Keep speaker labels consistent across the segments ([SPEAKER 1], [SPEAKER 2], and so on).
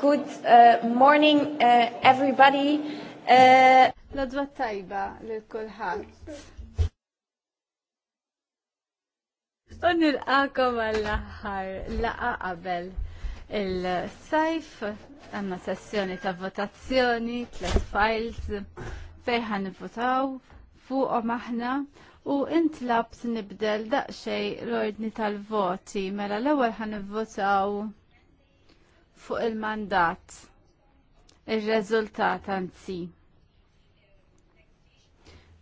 [SPEAKER 1] Good uh, morning, uh, everybody. Uh, Lodwa tajba lil kulħadd. Un il għall aħħar laqa qabel il-sajf, għanna sessjoni ta' votazzjoni, tlet files, fejħan votaw fuqom aħna u intlabt nibdel daqxej l-ordni tal-voti, mela l-ewel ħan votaw fuq il-mandat, il-rezultat anzi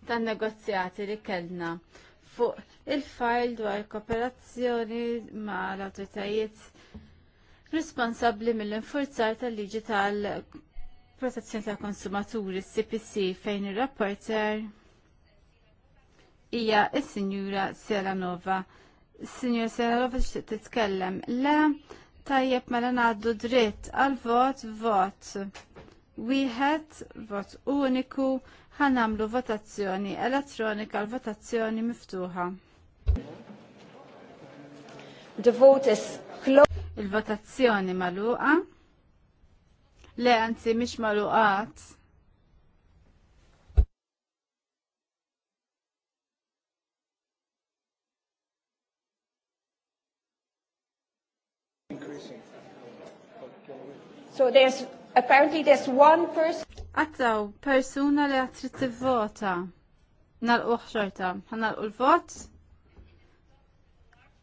[SPEAKER 1] tan negozjati li kellna fuq il-fajl dwar kooperazzjoni ma' l-autoritajiet responsabli mill-infurzar tal-liġi tal-protezzjoni tal-konsumaturi CPC fejn ir-rapporter hija s-sinjura Selanova. Sinjura Selanova titkellem le Tajjeb mela ngħaddu dritt għal vot vot. Wieħed vot uniku ħanamlu votazzjoni elettronika għal votazzjoni miftuħa. The vote is Il-votazzjoni magħluqa. Le anzi mhix magħluqat. So there's apparently there's one person. Għattaw, persuna li għatri t-vota. Nal-uħ xorta, għanal l-vot.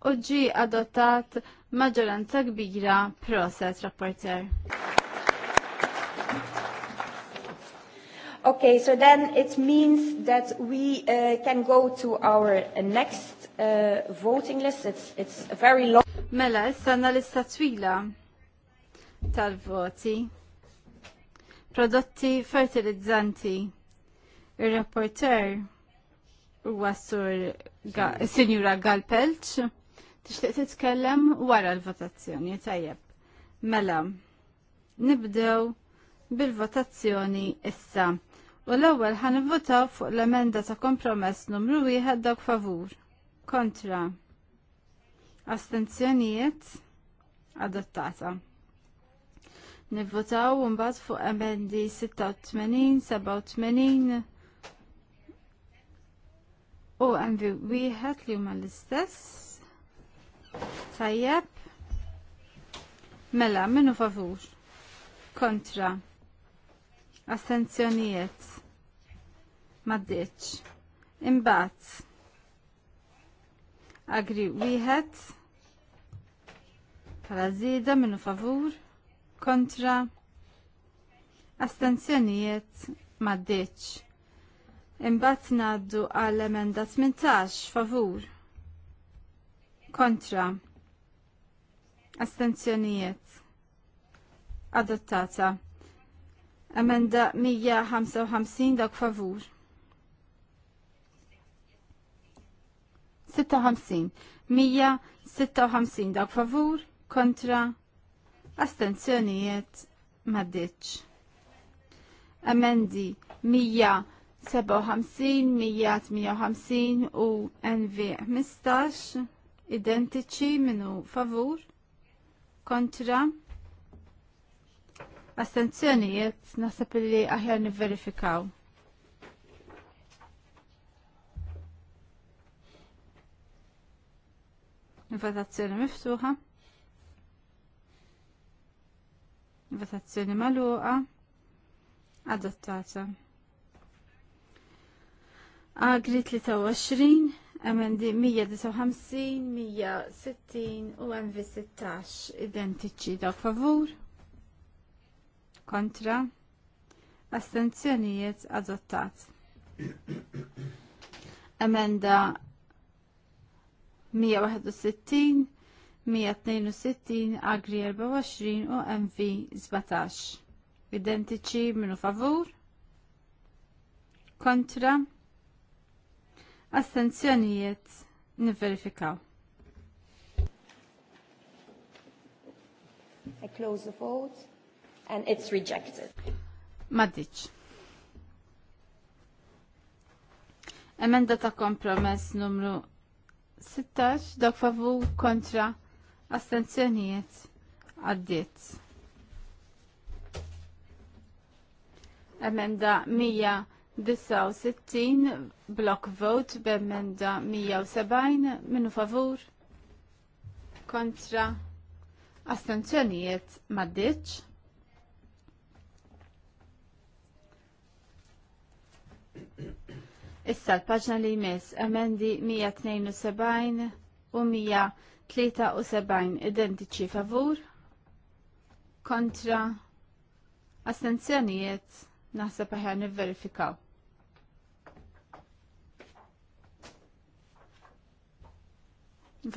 [SPEAKER 1] Uġi ġi adottat maġġoranza kbira proset rapporter. Okay, so then it means that we uh, can go to our next uh, voting list. It's, it's a very long. Mela, issa l lista twila tal-voti. Prodotti fertilizzanti. Ir-rapporter huwa sur Sinjura Galpelċ tixtieq titkellem wara l-votazzjoni tajjeb. Mela, nibdew bil-votazzjoni issa. U l-ewwel ħanivvotaw fuq l-emenda ta' kompromess numru wieħed dawk favur. Kontra astenzjonijiet adottata. Nivvotaw mbagħad fuq emendi 86, 87 u MV wieħed li huma l-istess. Tajjeb. Mela, minnu favur. Kontra. Astenzjonijiet. Maddiċ. Imbagħad. Agri wieħed Pala zida minu favur kontra astenzjonijiet maddeċ. Imbat naddu għall emenda 18 favur kontra astenzjonijiet adottata. Emenda 155 dak favur. 56. 156 dak favur kontra astenzjonijiet maddiċ. Amendi 157, 158 u NV 15 identiċi minu favur kontra astenzjonijiet nasab li aħjar niverifikaw. Votazzjoni miftuħa. Votazzjoni maluqa. Adottata. Agri 23, emendi 159, 160 u MV 16 identiċi da favur. Kontra. Astenzjonijiet adottat. Emenda 161 162, Agri 24 u MV 17. Identiċi minu favur? Kontra? Astenzjonijiet niverifikaw. I close the vote and it's rejected. Maddiċ. Emenda ta' kompromess numru 16, dok favur kontra astenzjonijiet għaddiet. Emenda 169 block vote b'emenda 170 minu favur kontra astenzjonijiet maddiċ. Issa l-paġna li jmiss emendi 172 u 73 identiċi favur kontra astenzjonijiet naħseb aħjar nivverifikaw.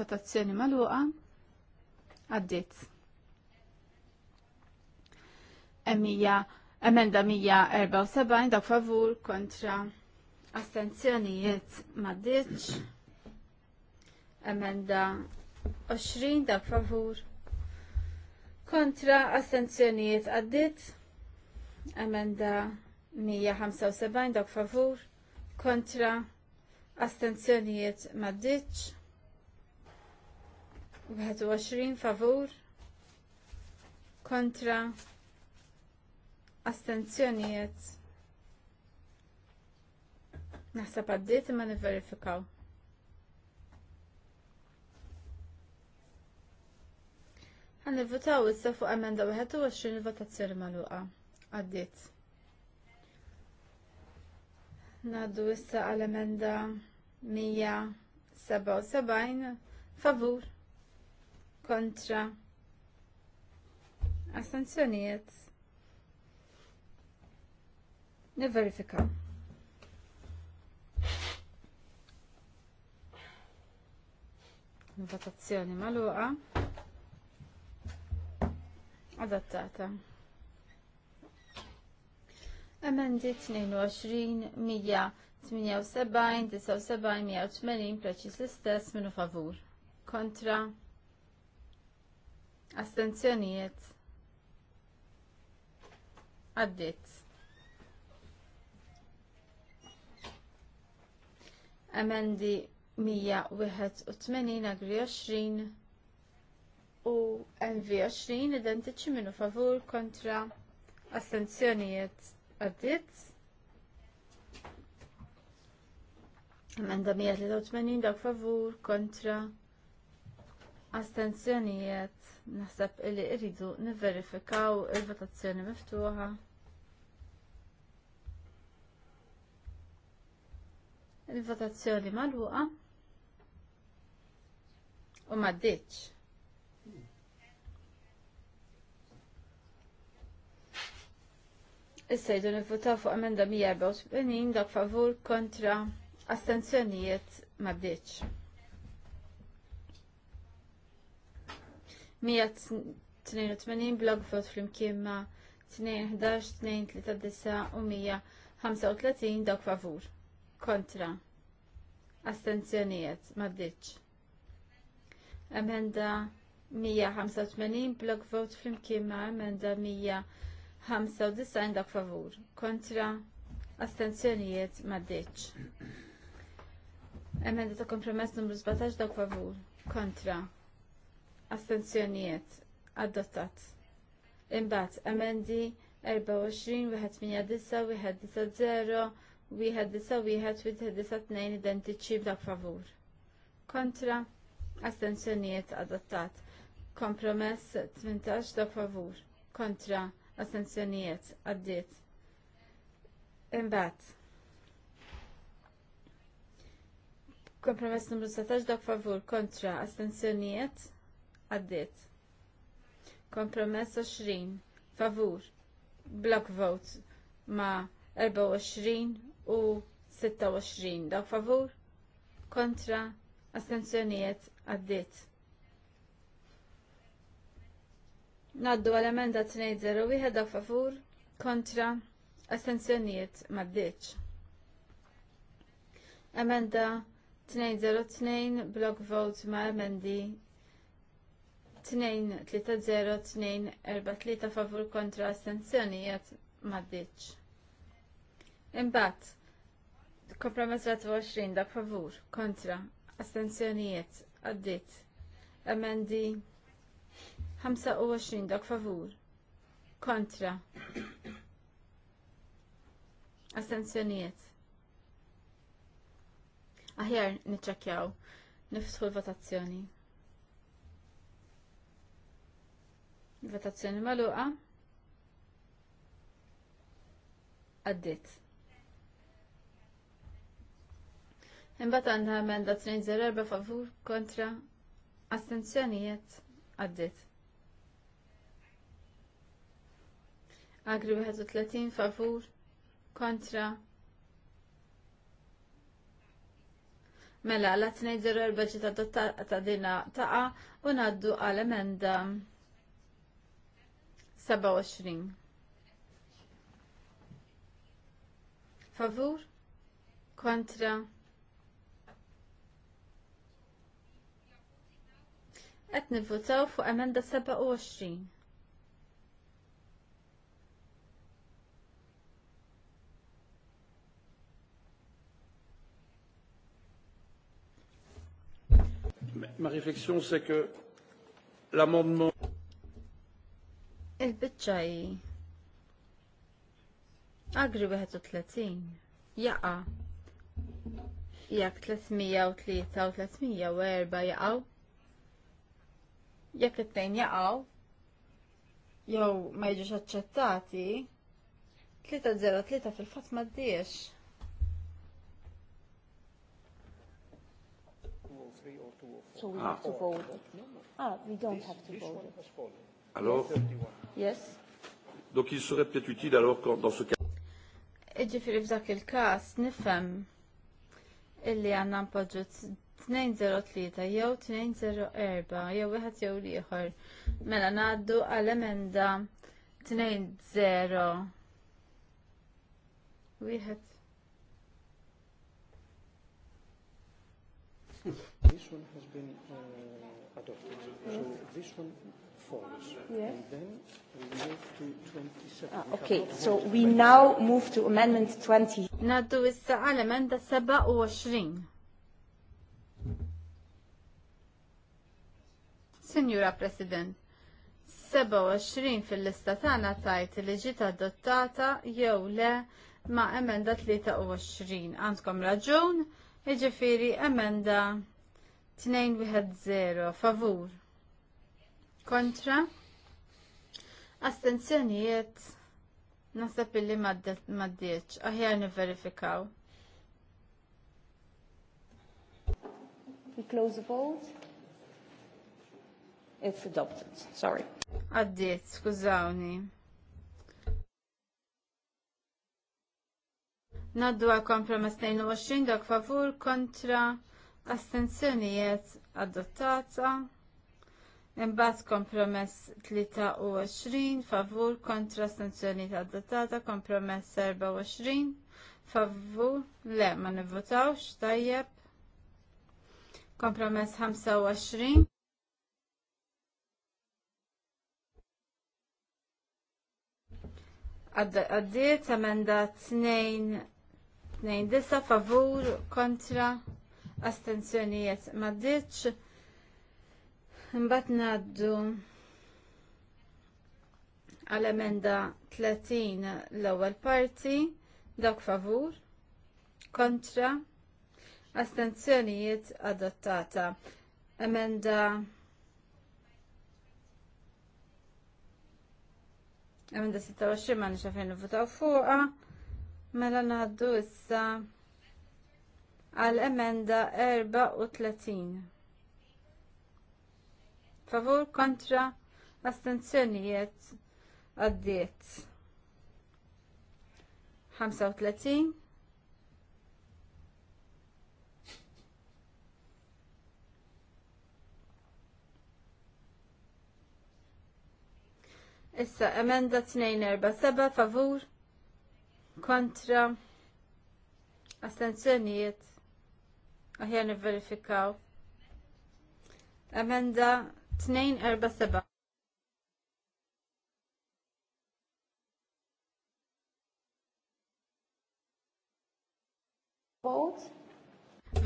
[SPEAKER 1] Votazzjoni maluqa għaddit. Emenda 174 dak favur kontra astenzjonijiet maddiċ. Emenda 20 dak favur kontra astenzjonijiet għaddit emenda 175 dak favur kontra astenzjonijiet maddiċ 21 favur kontra astenzjonijiet naħseb għaddit ma niverifikaw. Għan votaw issa fuq emenda 21 il-votazzjoni magħluqa. Għaddiet. Naddu issa għal emenda 177 favur kontra astenzjonijiet. Niverifikaw. Votazzjoni magħluqa. Adattata. Emendi 22, 178, 79, 180, preċis l-istess minu favur. Kontra. Astenzjonijiet. Għaddit. Emendi 181 agri 20 u NV20 identiċi minnu favur kontra astenzjonijiet għaddit. Amenda 183 dak favur kontra astenzjonijiet naħseb illi iridu niverifikaw il-votazzjoni miftuħa. Il-votazzjoni magħluqa
[SPEAKER 2] u maddiċ.
[SPEAKER 1] Issa jdu nivvutaw fuq emenda 184 dak favur kontra astenzjonijiet ma bdiċ. 182 blog vot flimkien ma 211, 239 u 135 dak favur kontra astenzjonijiet ma bdiċ. Emenda 185 blog vot flimkien ma emenda 100 95 dak favur kontra astenzjonijiet maddeċ. Emenda ta' kompromess numru 17 dak favur kontra astenzjonijiet adottat. Imbagħad emendi 24, 189, 190, 191, identiċi b'dak favur. Kontra astenzjonijiet adottat. Kompromess 18 dak favur kontra Astenzjonijiet għaddiet. Imbagħad. Kompromess numru 17 dak favur kontra attenzjonijiet għaddiet. Kompromess 20 favur block vote ma' 24 u 26 dak favur kontra attenzjonijiet għaddiet. Naddu għal-emenda 201 dak favur kontra astenzjonijiet maddiċ. Emenda 202 block vote ma' emendi 230243 favur kontra astenzjonijiet maddiċ. Imbat, kompromess 20 dak favur kontra astenzjonijiet addit Emendi 25 dak favur. Kontra. Astenzjoniet. Aħjar nitċakjaw. Niftħu l-votazzjoni. Votazzjoni maluqa. Għaddit. Imbagħad għandha emenda 204 favur kontra astenzjonijiet għaddit. Agri 31 favur kontra. Mela, la 204 ġita ta' dina taqa u naddu għal emenda 27. Favur kontra. Qed nivvotaw fuq emenda 27.
[SPEAKER 2] ma réflexion, c'est que l'amendement.
[SPEAKER 1] Il-bicċaj. Agri 31. Jaqa. Jak 303 u 304 jaqaw. Jekk it-tejn jaqaw. Jew ma jiġux aċċettati. 303 fil-fatt ma d
[SPEAKER 2] So we ah. have to vote.
[SPEAKER 3] Ah, we don't have to vote.
[SPEAKER 2] Alors Yes. Donc il serait peut-être utile alors quand dans ce cas.
[SPEAKER 1] Iġifiri f'dak il-kas nifem illi għandna npoġġu 203 jew 204 jew wieħed jew ieħor. Mela ngħaddu għal emenda 20 wieħed
[SPEAKER 2] This one has been uh, adopted, yes. so this one falls. Yes. And then we move to 27. Ah, okay, so we
[SPEAKER 1] now move to amendment 20. Now do issa għal amendment 27. Signora President, 27 fil-lista tagħna tajt li ġiet adottata jew le ma' emenda 23. Għandkom raġun Iġifiri emenda 2-1-0, favur kontra astenzjonijiet nasab illi maddieċ aħjar niverifikaw. We close the vote. It's adopted. Sorry. Addiet, skużawni. Naddu għal kompromess 22 dak favur kontra astenzjonijiet adottata. Imbat kompromess 23 favur kontra astenzjonijiet adottata, kompromess 24 favur le ma nivvotawx tajjeb. Kompromess 25 Għaddiet emenda Nejn disa favur kontra astenzjonijiet ma ditx. Mbatt naddu għal-emenda 30 l-ewwel parti dak favur kontra astenzjonijiet adottata. Emenda Emenda 26 ma nixafin votaw fuqa. Mela ngħaddu issa għal emenda 34. Favur kontra astenzjonijiet għaddiet. 35 Issa, emenda 247, favur, kontra astenzjonijiet għahja nivverifikaw. Amenda 247. Vote.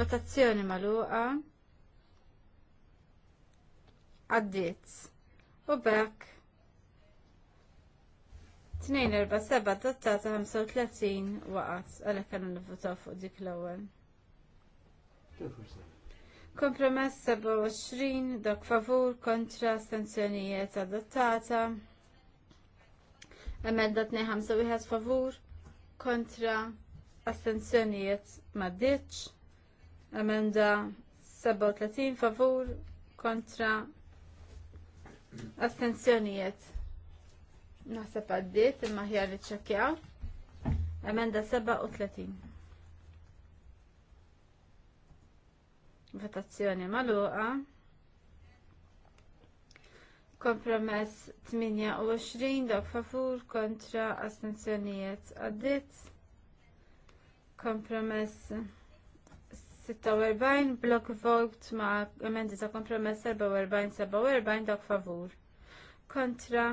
[SPEAKER 1] Votazzjoni maluqa. Għaddiet. U bekk 247 dottata 35 waqat għalhekk għandna nivvotaw fuq dik l-ewwel. Kompromess 27 dak favur kontra sanzjonijiet adottata. Emenda 251 favur kontra astenzjonijiet maddiċ. Emenda 37 favur kontra astenzjonijiet naħseb għaddit imma ħjar li Emenda 37. Votazzjoni maluqa. Kompromess 28 dak favur kontra astenzjonijiet għaddit. Kompromess 46 blok vote ma' emendi ta' kompromess 44 47 dak favur kontra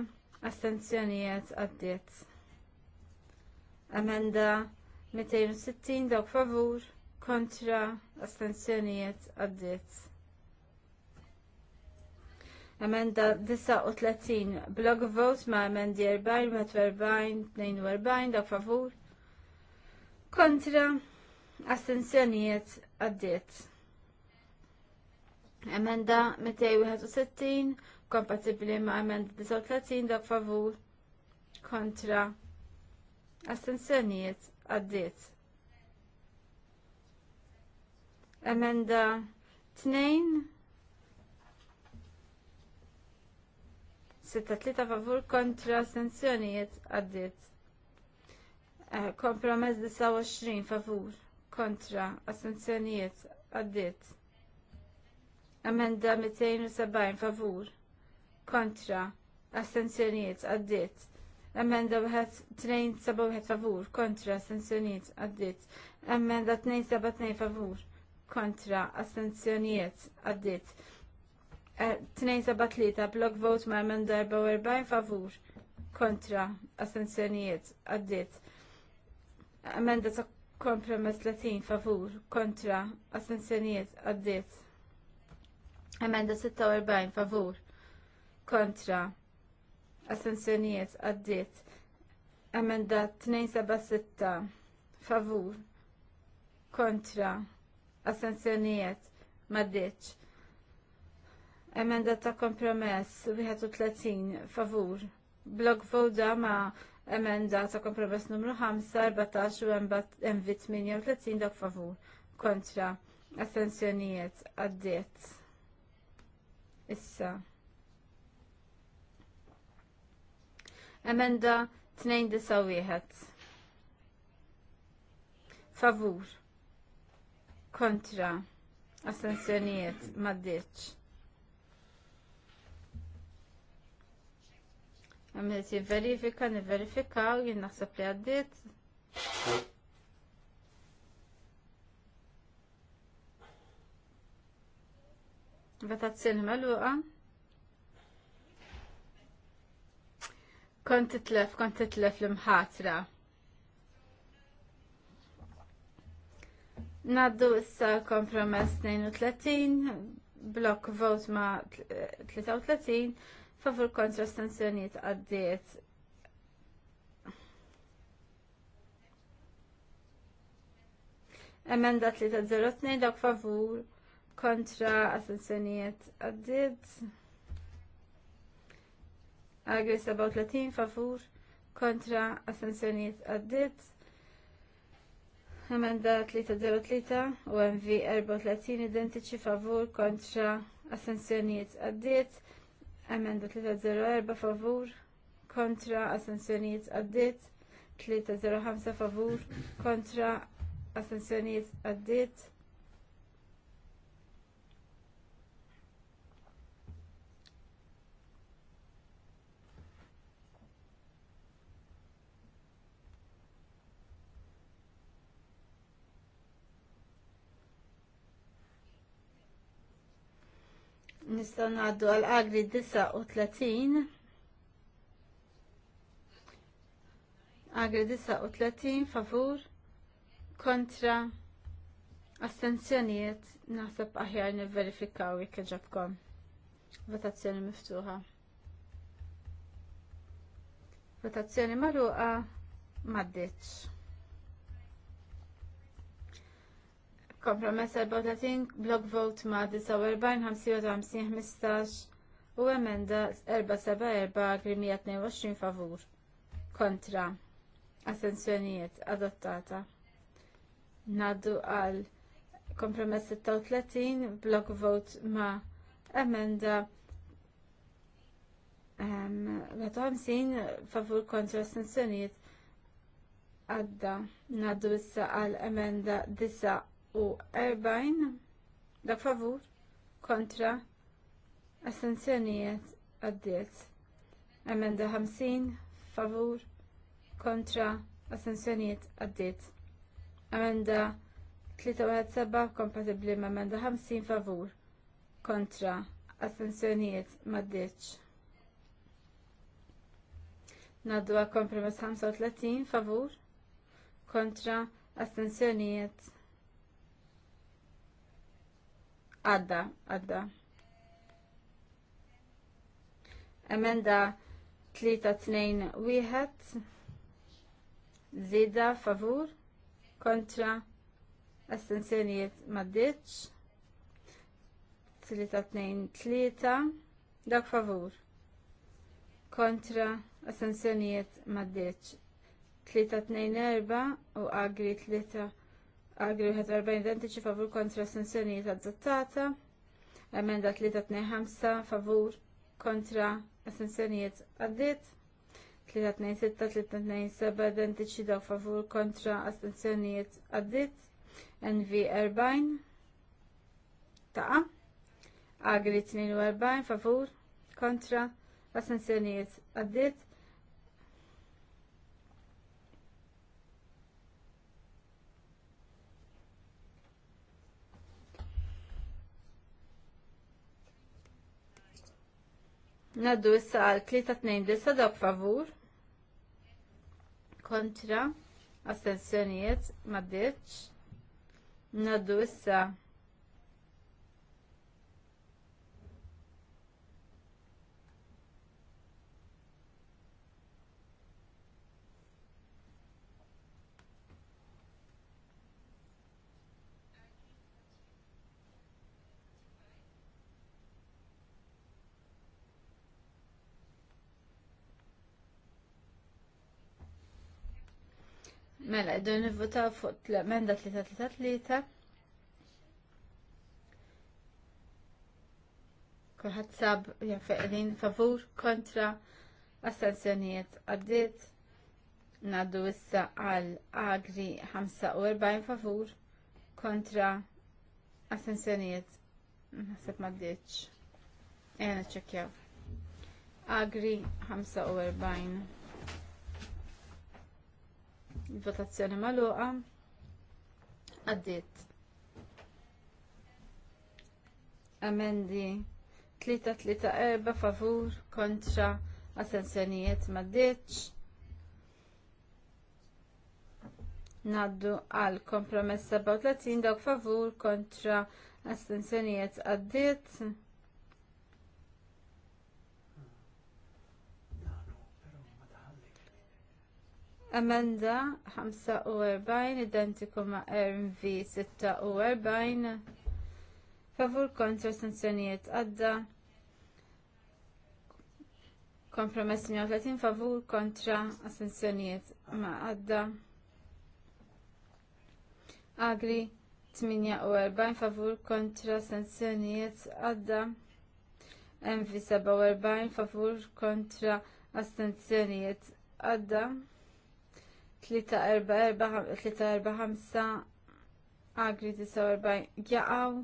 [SPEAKER 1] astenzjonijiet għaddiet. Amenda 260 dawk favur kontra astenzjonijiet għaddiet. Amenda 39 blog vote ma' amendi 40, 40, 42 dawk favur kontra astenzjonijiet għaddiet. Emenda 261 kompatibbli ma' emend 39 dak favur kontra astensjonijiet għaddiet. Emenda 2 6-3 favur kontra astensjonijiet għaddiet. Eh, kompromess 29 favur kontra astensjonijiet għaddiet. Amenda 270 favur kontra astenzjoniet għaddit. Emenda wieħed tnejn favur kontra astenzjoniet għaddit. Emenda tnejn seba' tnejn favur kontra astenzjoniet għaddit. E, tnejn seba' tlieta block vote ma' emenda 44 favur kontra astenzjoniet għaddit. Emenda ta' kompromess 30 favur kontra astenzjoniet għaddit. Emenda 46 favur kontra assenzjonijiet għaddiet emenda 276 favur kontra assenzjonijiet maddiċ emenda ta' kompromess 31 favur blok voda ma' emenda ta' kompromess numru 5 14 u MV 38 dak favur kontra assenzjonijiet għaddiet issa Emenda 291. Favur. Kontra. Astenzjonijiet maddiċ. Għamilt verifika, niverifikaw, jien naħseb li għaddit. Vetazzjoni maluqa. Kont titlef, kont titlef l-imħatra. Naddu issa kompromess 32, blok vot ma 33, eh, favur kontra stanzjoniet għaddiet. Emenda 302, dak favur kontra astensjonijiet għaddiet għagri 37 favur kontra astensjoniet għaddit. Emenda 303 u MV 34 identiċi favur kontra astensjoniet għaddit. Emenda 304 favur kontra astensjoniet għaddit. 305 favur kontra astensjoniet għaddit. nistgħu ngħaddu għal agri 39 agri 39 favur kontra astenzjonijiet naħseb aħjar nivverifikaw jekk ġabkom. Votazzjoni miftuħa. Votazzjoni magħluqa m'għaddietx. Kompromess 34 block vote ma' 49-55-15 u emenda 474-122 favur kontra assenzjonijiet adottata. Naddu għal kompromess 36 block vote ma' emenda 50 favur kontra assenzjonijiet għadda. Naddu issa għal emenda 9 u 40 da favur kontra assenzjonijiet għaddiet. Emenda 50 favur kontra assenzjonijiet għaddiet. Emenda 317 kompatibli ma' emenda 50 favur kontra assenzjonijiet maddiċ. Naddu għal kompromess 35 favur kontra astensjonijiet Għadda, għadda. Emenda 3-2-1 Zida favur kontra astensjonijiet maddiċ 3-2-3 dak favur kontra astensjonijiet maddiċ 3-2-4 u agri 3 Agri 41 identiċi favur kontra astensjonijiet adottata. Emenda 325 favur kontra astensjonijiet għaddit. 326, 327 identiċi da' favur kontra astensjonijiet għaddit. NV 40 ta' Agri 42 favur kontra astensjonijiet għaddit. Naddu issa għal 329 dawk favur kontra astensjonijiet Maddeċ. Naddu issa
[SPEAKER 3] Mela, id-dun nivvotaw
[SPEAKER 1] fuq l-emenda 333. Kulħadd sab janfeqlin favur kontra assenzjonijiet għaddit. Naddu issa għal agri 45 favur kontra assenzjonijiet Nasib ma ddiċ. ċekjaw. Agri 45. Votazzjoni maluqa. Għaddit. Amendi 3-3-4 favur kontra assenzjonijiet maddiċ. Naddu għal kompromess 37 dawk favur kontra astensjonijiet għaddit Amanda 45 identiku ma' RMV 46 favur kontra sanzjonijiet għadda kompromess 130 favur kontra sanzjonijiet ma' għadda agri 48 favur kontra sanzjonijiet għadda MV 47 favur kontra astenzjonijiet għadda 345 agri 49 jaqaw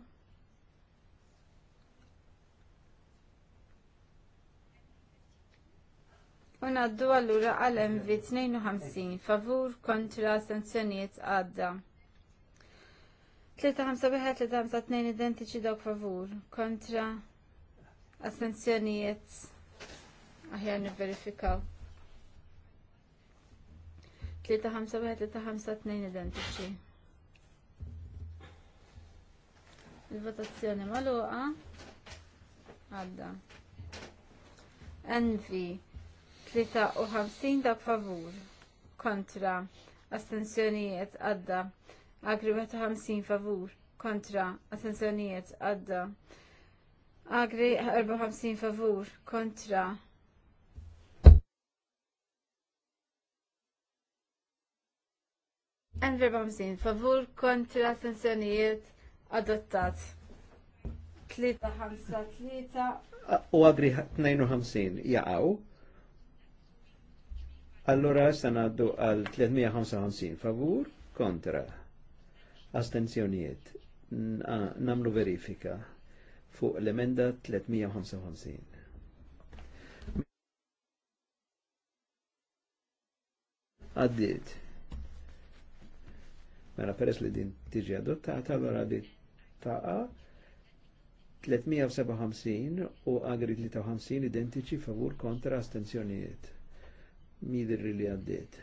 [SPEAKER 1] Unaddu għallura għal-MV 52 favur kontra sanzjoniet għadda. 351-352 identiċi dawk favur kontra astenzjonijiet aħjar niverifikaw. verifikaw 5 2 identiċi. Il-votazzjoni maluqa għadda. Envi 53 dak favur kontra astensjonijiet għadda. Agri 51 favur kontra astensjonijiet għadda. Agri 54 favur kontra 54 favur kontra astensjonijiet adottat. Tlita tlita.
[SPEAKER 2] u għadri 52 jaqaw. Allora sanaddu għal 355 favur kontra astenzjonijiet. Namlu verifika fuq l-emenda 355. Għaddit. Mela peress li din tiġi adottata, allora di taqa 357 u agri 53 identiċi favur kontra astenzjonijiet. Midri li għaddit.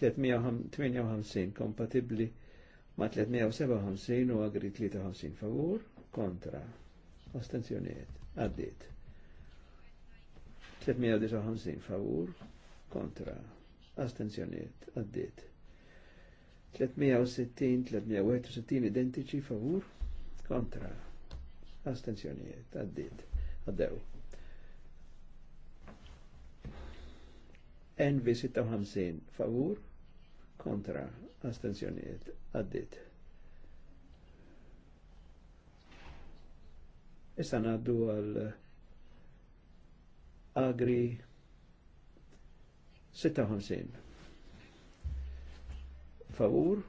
[SPEAKER 2] 358 kompatibli ma 357 u agri 53 favur kontra astenzjonijiet Għaddit. 359 favur kontra astenzjoniet għaddit. 360-361 identiċi favur kontra astenzjoniet għaddit għaddew. NV56 favur kontra astenzjoniet għaddit Issa naddu għal agri 56. Favur,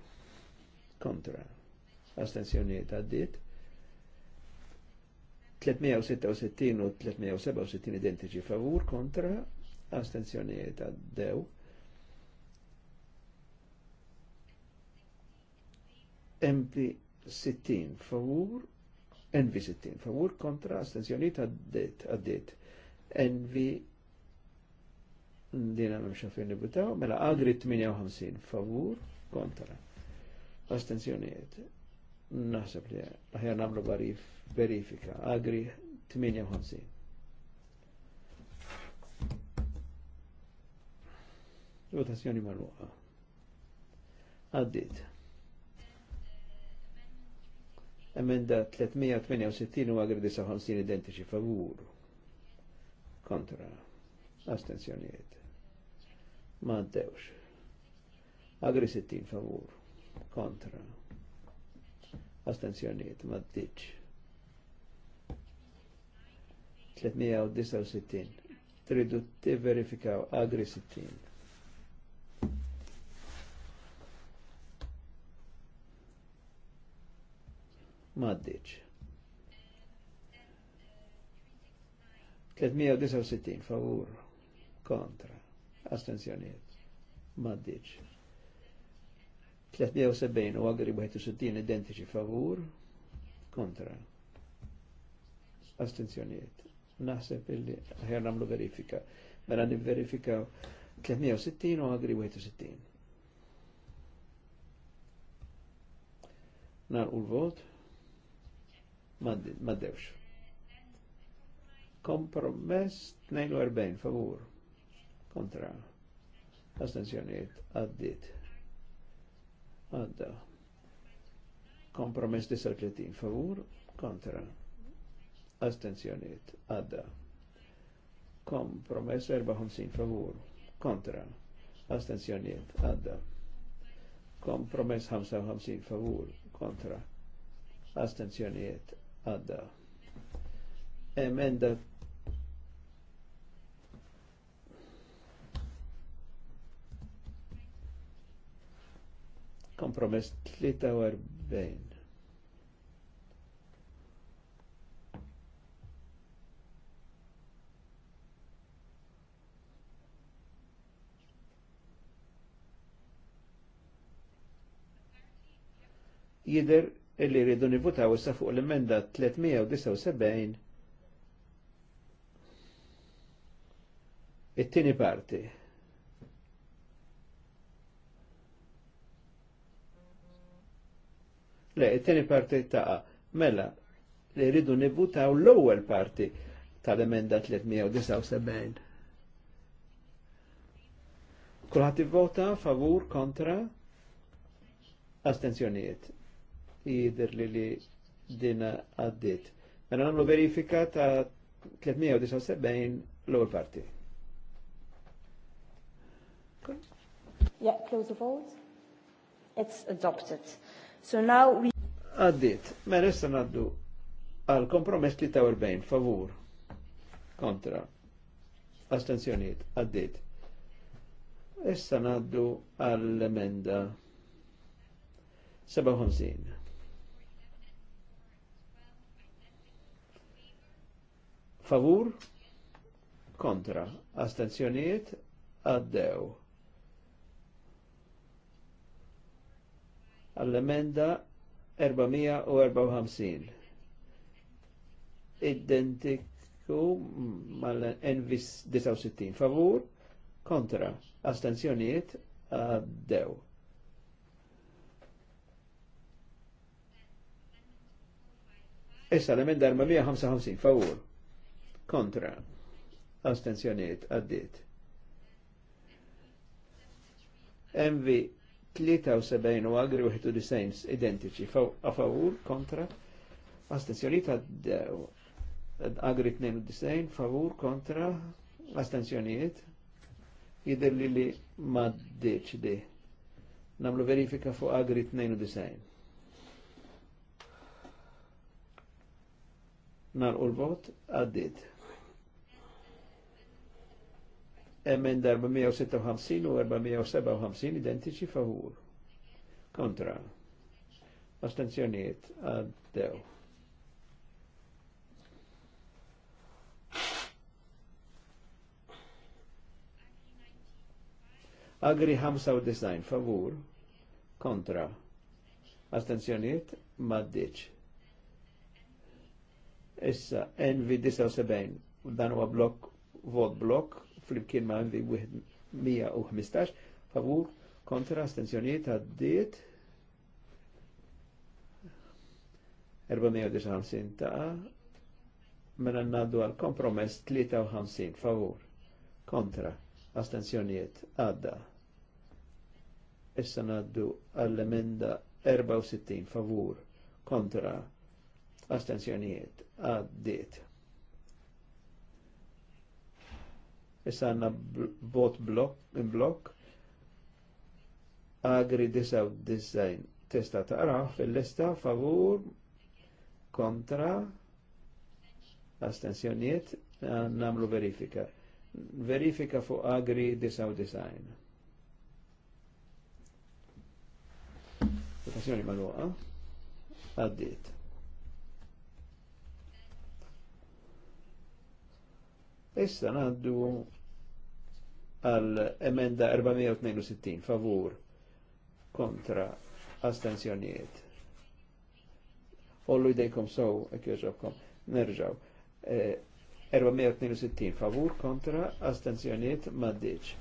[SPEAKER 2] kontra. Astenzjoniet għaddit. 366 u 367 identiċi favur, kontra. Astenzjoniet għaddew. 60 favur, NV 60 favur kontra astenzjoniet għaddit. NV dina memxa fejn nibutaw, mela agri 58 favur kontra. Astenzjoniet. Naħseb li aħjar namlu barif verifika. għadri 58. Votazzjoni marruqa. Għaddit. Emenda 368 u agri 59 identiċi favur. Kontra Astenzjoniet ma għaddewx. Agri 60 favur, kontra, astenzjoniet, ma ddiċ. 369, tridu ti verifikaw agri 60. Ma ddiċ. 369 favur, kontra, astenzjoniet. Maddiċ. 370 u għagri 61 identiċi favur, kontra. Astenzjoniet. Naħseb illi ħjar namlu verifika. Mela nivverifikaw 360 u għagri 61. Narqu l-vot. Maddewx. Kompromess 42 favur kontra l astenzjoniet għaddit għadda kompromess 39 favur kontra astenzjoniet għadda kompromess 54 favur kontra astenzjoniet għadda kompromess 55 favur kontra astenzjoniet għadda emenda Kompromess 43. jider illi rridu nivutaw issa fuq l-emenda 379 it tini parti. Le, it-tieni parti taqa. Mela, li rridu nivutaw l-ewwel parti tal-emenda 379. Kulħadd ivvota favur kontra astenzjonijiet. Jidher li li din għaddit. Mela nagħmlu verifika ta' 379 l-ewwel parti.
[SPEAKER 1] Yeah, close the vote. It's adopted. So now we...
[SPEAKER 2] Għaddit, ma mela, resta naddu għal kompromess li ta' 40, favur, kontra, astenzjoniet, għaddit. Issa naddu għall-emenda 57. Favur, kontra, astenzjoniet, għaddew. għall-emenda 454. Identiku mal-Envis 69. Favur, kontra, astenzjoniet għaddew. Issa l-emenda 455, favur, kontra, astenzjoniet għaddit. Envi. 73 u agri 91 identiċi a favur kontra astenzjoni ta' agri 92 favur kontra astenzjonijiet jider li li maddeċ di namlu verifika fuq agri 92 nar ul vot għaddit. emmen emenda 456 u 457 identiċi faħur. Kontra. Astenzjoniet għaddew. Agri 95 favur kontra astenzjoniet maddiċ. Issa NV 79 dan huwa blok vot blok fl-imkien ma' għandi 115 favur kontra astenzjoniet għaddiet 459 ta' mela naddu għal kompromess 53 favur kontra astenzjoniet għadda. Issa naddu għall-emenda 64 favur kontra astenzjoniet għaddiet. Issa għanna bot blok in blok. Agri disaw design. Testa taqra fil-lista favur kontra astensjoniet namlu verifika. Verifika fu agri disaw design. Votazzjoni maluqa. għaddit. Issa għaddu għal emenda 462 favur kontra astensjonijiet. Ollu jdejkom sow, ekjoġobkom, nerġaw. 462 eh, favur kontra astensjonijiet maddiċ.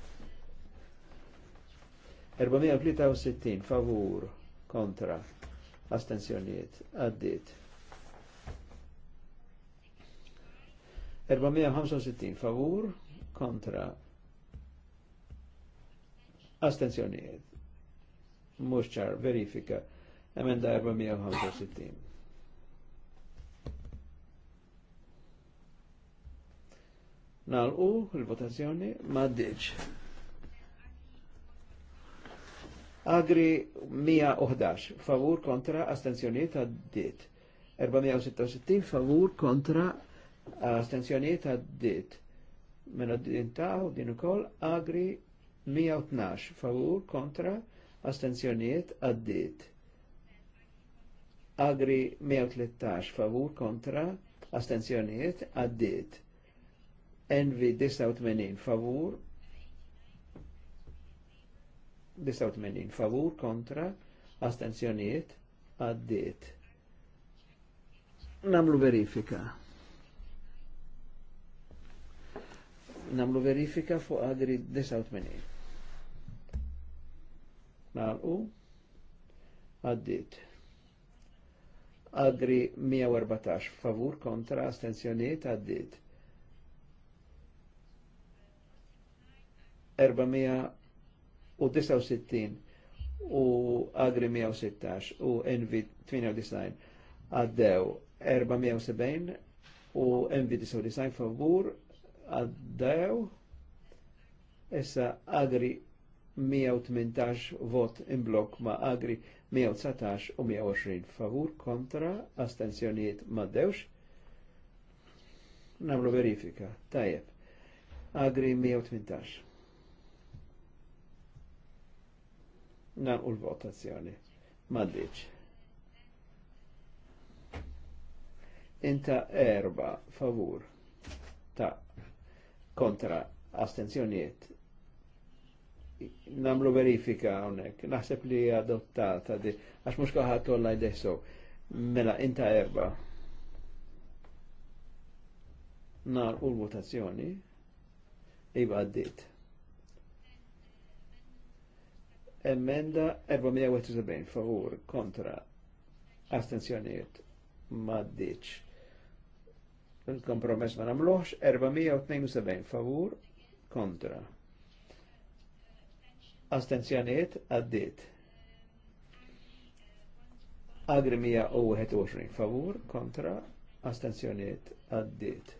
[SPEAKER 2] 463 favur kontra astensjonijiet għaddit. 465 favur kontra Astenzjonijiet. Muxċar, ċar, verifika. Emenda 465. Nalqu il-votazzjoni ma' diċ. Agri 111, favur kontra astenzjoniet għaddit. 466, favur kontra astenzjoniet għaddit. Mela din ta' u din kol, Agri 112 favur kontra astenzjoniet għaddit. Agri 113 favur kontra astenzjoniet għaddit. Envi 89 favur 89 favur kontra astenzjoniet għaddit. Namlu verifika. Namlu verifika fuq agri 89. Narqu. Għaddit. għadri 114. Favur kontra astensjoniet għaddit. 469 u Agri 116 u Envi 98 għaddew 470 u Envi 99 favur għaddew issa Agri 118 vot imblok ma' agri 119 u 120 favur kontra astensjoniet dewx?
[SPEAKER 1] Namlu verifika.
[SPEAKER 2] Tajjeb. Agri 118. Nan u l-votazzjoni. Maddiċ. Inta erba favur ta' kontra astenzjoniet namlu verifika għonek, naħseb li adottata di, għax mux kħat tolla jdesso, mela inta erba. Nar u l-votazzjoni, iba għaddit. Emenda 470, favur, kontra, astenzjoniet, maddiċ. Il-kompromess ma namluħx, 472, favur, kontra astenzjoniet għaddit. Agri 121 favur kontra astenzjoniet għaddit.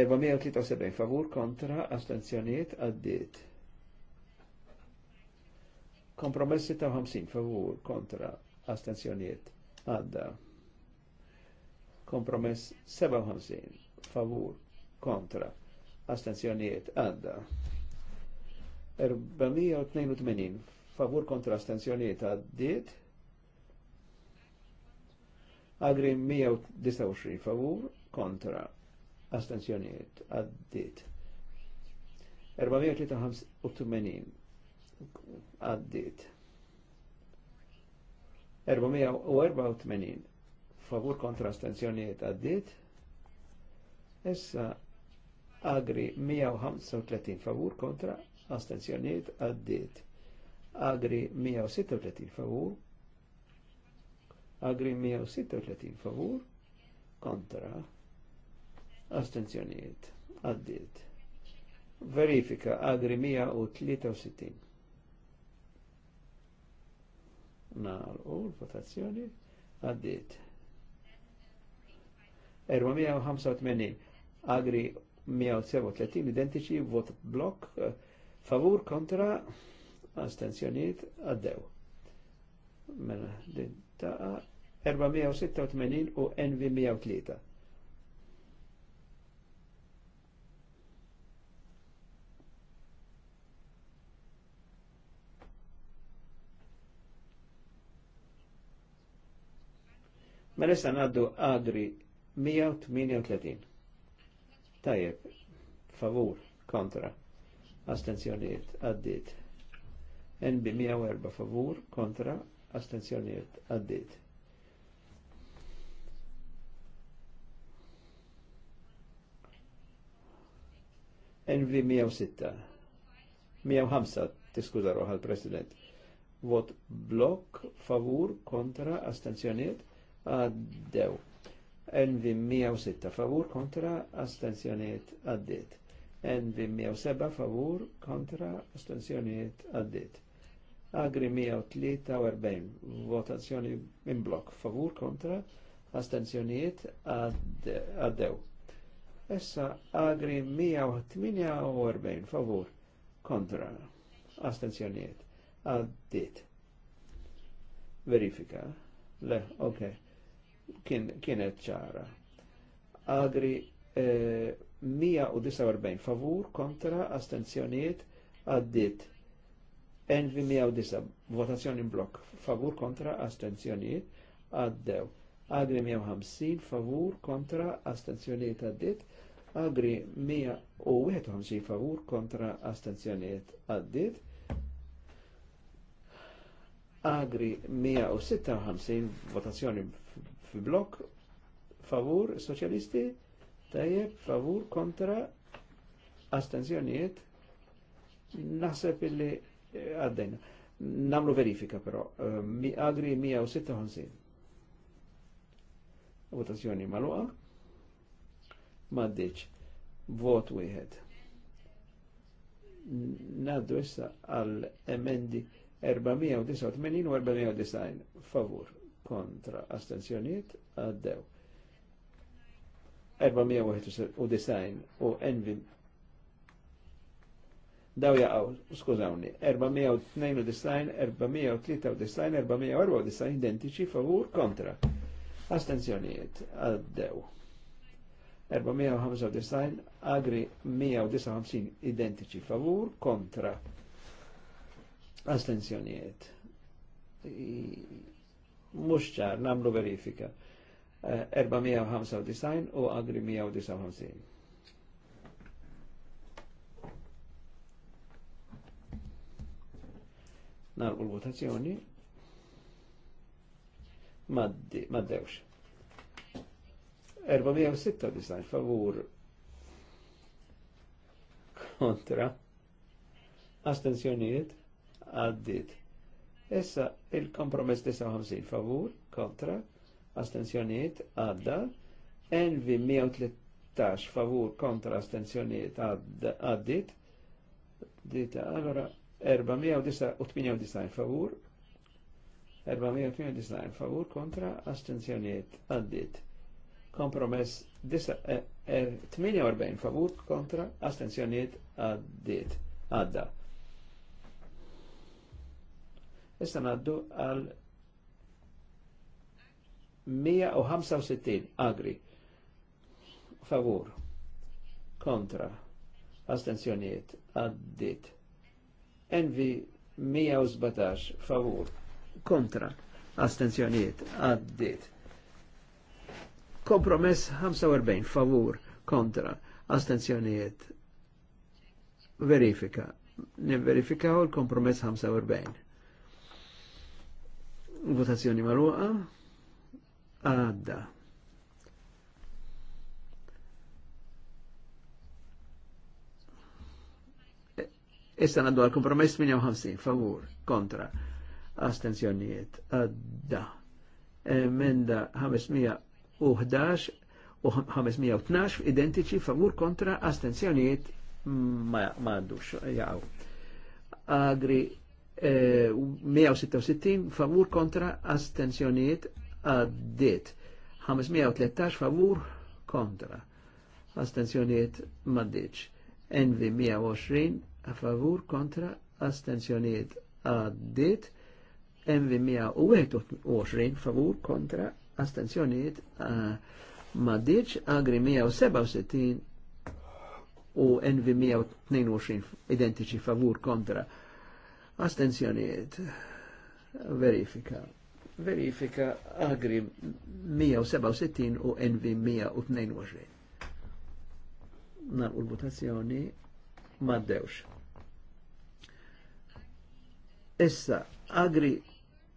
[SPEAKER 2] Eva 173 favur kontra astenzjoniet għaddit. Kompromessi ta' 50 favur kontra astenzjoniet għadda. Kompromess 57 favur kontra astenzjoniet għadda. 482 favur kontra astensjoniet għaddit agri 129 favur kontra astensjoniet għaddit 483 għaddit 484 favur kontra astensjoniet għaddit issa agri 135 favur kontra astenzjoniet għaddit. Agri 136 favur, Agri 136 favur, kontra, astenzjoniet għaddit. Verifika Agri 163. Nalqu l-votazzjoni għaddit. 485 Agri 137 identiċi vot blok uh, Favur kontra astenzjoniet għaddew. Mela, din ta' 486 u NV 103. Ma nista naddu għadri 138. Tajjeb, favur, kontra astenzjoniet għaddit. NB 104 favur kontra astenzjoniet għaddit. NV 106. 105, tiskuza roħal president. Vot blok, favur, kontra, astenzjoniet, għaddew. NV 106, favur, kontra, astenzjoniet, għaddit. Envi 107 favur kontra astensjonijiet għaddit. Agri 143 votazzjoni in blok favur kontra astensjonijiet għaddew. Essa agri 148 favur kontra astensjonijiet għaddit. Verifika. Le, ok. Kien, kienet ċara. Agri eh, 149 favur kontra astenzjoniet għaddit. Envi 109 votazzjoni blok favur kontra astenzjoniet għaddew. Agri 150 favur kontra astenzjoniet għaddit. Agri 151 favur kontra astenzjoniet għaddit. Agri 156 votazzjoni fi blok favur soċjalisti Tajjeb, favur kontra astenzjonijiet naħseb illi eh, għaddejna. Namlu verifika però, eh, mi agri 156. Votazzjoni maluqa. Maddiċ, vot wieħed. Naddu issa għal emendi 489 u 490 favur kontra astenzjonijiet għaddew. 491 u Envi daw jaqaw, skużawni, 402 u u design, design, 403 404 u design, identiċi favur kontra. Astenzjoniet, għaddew. 405 u design, agri 159 identiċi favur kontra. Astenzjoniet. Muxċar, namlu verifika. 495 u Agri 159. Narqu l-votazzjoni. maddi, Maddewx. 496 favur kontra astenzjoniet għaddit. Issa il-kompromess 59 favur kontra astensjoniet għadda, NV 113 favur kontra astensjoniet għaddit, dita għallora 498 favur, 498 favur kontra astensjoniet għaddit. Kompromess 48 eh, er, favur kontra astensjoniet għaddit għadda. Issa naddu għal 165 agri favur kontra astenzjoniet Addit. envi 117 favur kontra astenzjoniet Addit. kompromess 45 favur kontra astenzjoniet verifika nivverifikaw il-kompromess 45 votazzjoni marruqa għadda. Issa għaddu għal kompromess 58, favur, kontra, astenzjonijiet, għadda. Emenda 511 u 512 identiċi favur kontra astenzjonijiet ma għaddux, jgħaw. Agri 166 eh, favur kontra astenzjonijiet għaddit 513 favur kontra astenzjoniet maddiċ Envi 120 a favur kontra astenzjoniet għaddit Envi 121 favur kontra astenzjoniet uh, maddiċ Agri 167 u NV 122 identiċi favur kontra astenzjoniet verifika verifika agri 167 u NV 122. Na l-votazzjoni maddewx. Issa, agri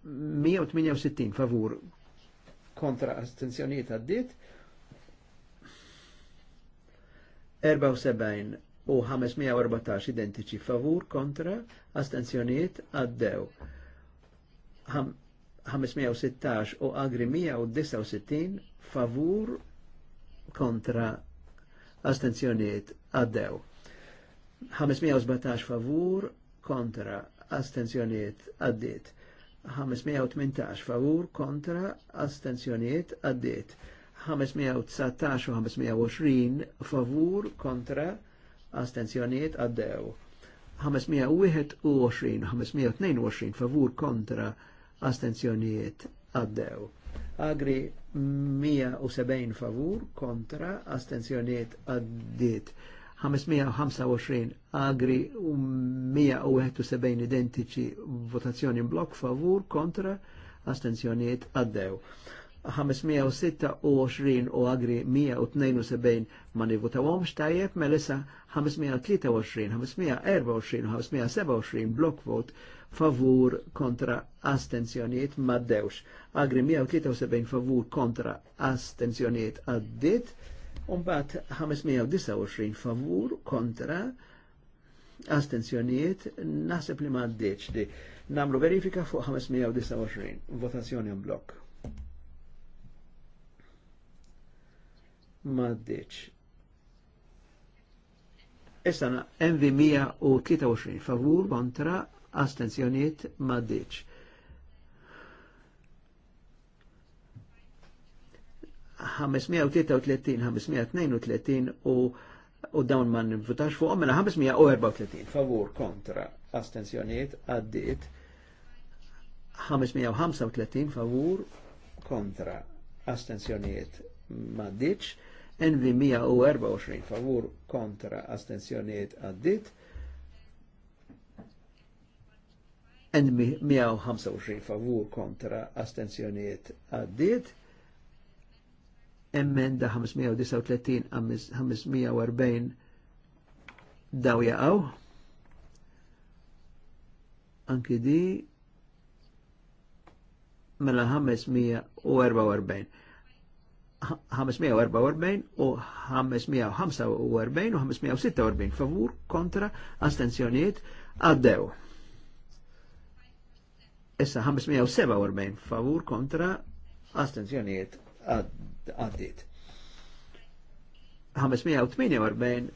[SPEAKER 2] 168 favur kontra astenzjoniet għaddit, 74 u 514 identiċi favur kontra astenzjoniet għaddew. 516 u agri 169 favur kontra astenzjoniet għaddew. 517 favur kontra astenzjoniet għaddit. 518 favur kontra astenzjoniet għaddit. 519 u 520 favur kontra astenzjoniet għaddew. 521 u 522 favur kontra astenzjonijiet għaddew. Agri 170 favur kontra astenzjonijiet għaddit. 525 agri u 171 identiċi votazzjoni blok favur kontra astenzjonijiet għaddew. 526 u agri 172 ma nivutawomx tajjeb melissa 523, 524 u 527 block vote favur kontra astenzjoniet maddewx. Agri 173 favur kontra astenzjoniet għaddit, Umbat 529 favur kontra astenzjoniet nasib li maddeċ di. Namlu verifika fuq 529 votazzjoni un blok. maddiċ. Issa MV123 favur kontra astenzjoniet maddiċ. tletin, 532 u u dawn ma nivvutax fuq mela 534 favur kontra astenzjoniet għaddit 535 favur kontra astenzjoniet maddiċ NV 124 favur kontra astensjoniet għaddit. NV 125 favur kontra astensjoniet għaddit. emmenda 539 540 daw jaqaw. Anki di mela 544 544 u 545 u 546 favur kontra astenzjoniet għaddew. Issa 547 favur kontra astenzjoniet għaddit. 548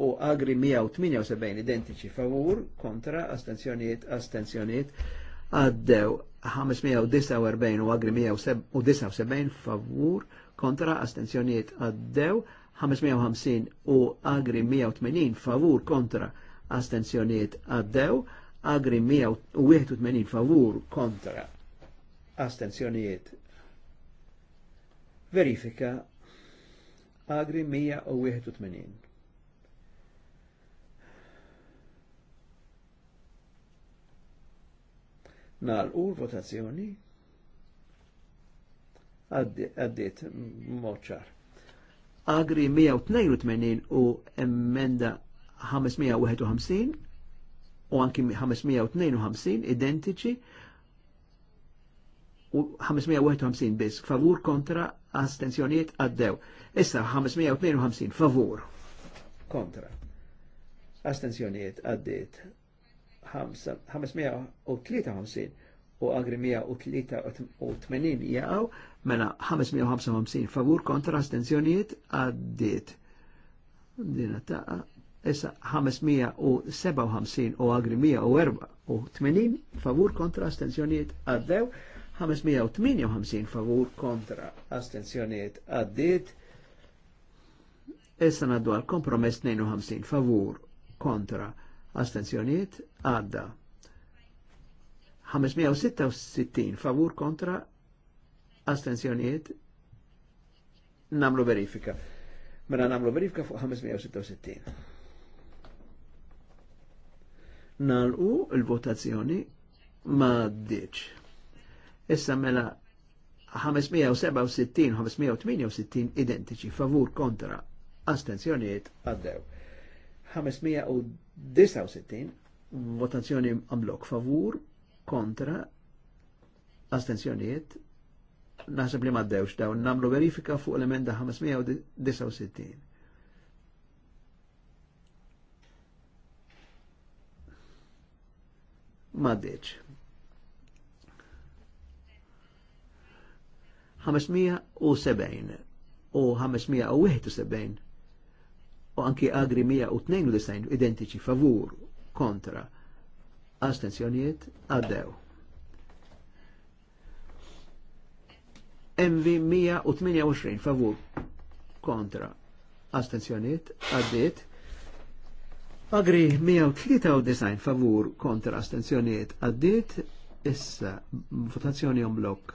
[SPEAKER 2] u agri 178 identiċi favur kontra astenzjoniet astenzjoniet għaddew. 549 u għagri 179 favur kontra astenzjoniet għaddew 550 u agri 180 favur kontra astenzjoniet għaddew agri 181 favur kontra astenzjoniet verifika agri 181 nalqu l-votazzjoni għaddit moċar. Agri 182 u emenda 551 u anki 552 identiċi u 551 bis favur kontra astenzjoniet għaddew. Issa 552 favur kontra astenzjoniet għaddit 553 u agri 183 jaqaw, mela 555 favur kontra astenzjonijiet għaddit. Dina taqa, issa 557 u agri 184 favur kontra astenzjonijiet għaddew, 558 favur kontra astenzjoniet għaddit. Issa naddu għal kompromess 52 favur kontra astenzjonijiet astenzjoniet għadda. 566 favur kontra astenzjoniet namlu verifika. Mela namlu verifika fuq 566. Nalqu il-votazzjoni maddiċ. Issa mela 567, 568 identiċi favur kontra astenzjoniet għaddew. 569 votazzjoni għamlok favur kontra astenzjoniet naħseb li maddewx daw namlu verifika fuq l-emenda 569 maddeċ 570 u 571 u anki agri 192 identiċi favur kontra astenzjoniet, għaddew. MV 128 favur kontra astenzjoniet, għaddiet. Agri 193 favur kontra astenzjoniet, għaddiet. Issa votazzjoni on blok